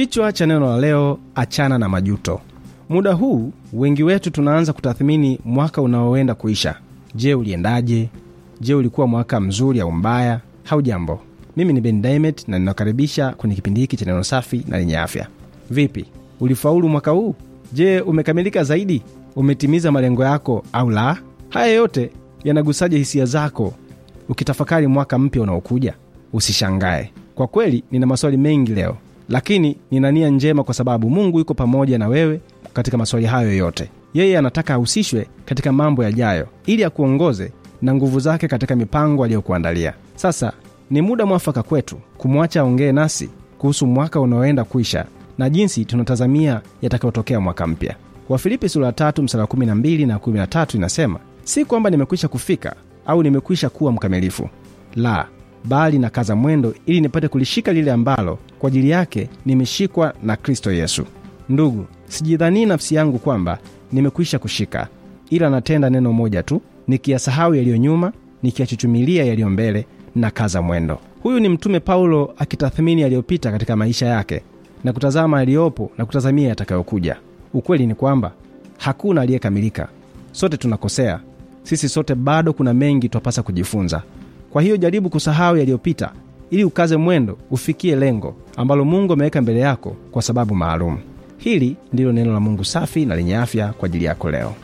Kichwa cha neno la leo, achana na majuto. Muda huu wengi wetu tunaanza kutathmini mwaka unaoenda kuisha. Je, uliendaje? Je, ulikuwa mwaka mzuri au mbaya? hau jambo mimi ni Ben Diamond na ninakaribisha kwenye kipindi hiki cha neno safi na lenye afya. Vipi, ulifaulu mwaka huu? Je, umekamilika zaidi? Umetimiza malengo yako au la? Haya yote yanagusaje hisia zako ukitafakari mwaka mpya unaokuja? Usishangae, kwa kweli nina maswali mengi leo lakini nina nia njema kwa sababu Mungu yuko pamoja na wewe katika maswali hayo yote. Yeye anataka ahusishwe katika mambo yajayo ili akuongoze na nguvu zake katika mipango aliyokuandalia. Sasa ni muda mwafaka kwetu kumwacha aongee nasi kuhusu mwaka unaoenda kuisha na jinsi tunatazamia yatakayotokea mwaka mpya. Wafilipi sura tatu kumi na mbili na kumi na tatu inasema, si kwamba nimekwisha kufika au nimekwisha kuwa mkamilifu, la bali na kaza mwendo ili nipate kulishika lile ambalo kwa ajili yake nimeshikwa na Kristo Yesu. Ndugu, sijidhanii nafsi yangu kwamba nimekwisha kushika, ila natenda neno moja tu, nikiyasahau yaliyo nyuma, nikiyachuchumilia yaliyo mbele na kaza mwendo. Huyu ni Mtume Paulo akitathmini yaliyopita katika maisha yake na kutazama yaliyopo na kutazamia yatakayokuja. Ukweli ni kwamba hakuna aliyekamilika, sote tunakosea. Sisi sote bado kuna mengi twapasa kujifunza. Kwa hiyo jaribu kusahau yaliyopita ili ukaze mwendo ufikie lengo ambalo Mungu ameweka mbele yako kwa sababu maalum. Hili ndilo neno la Mungu safi na lenye afya kwa ajili yako leo.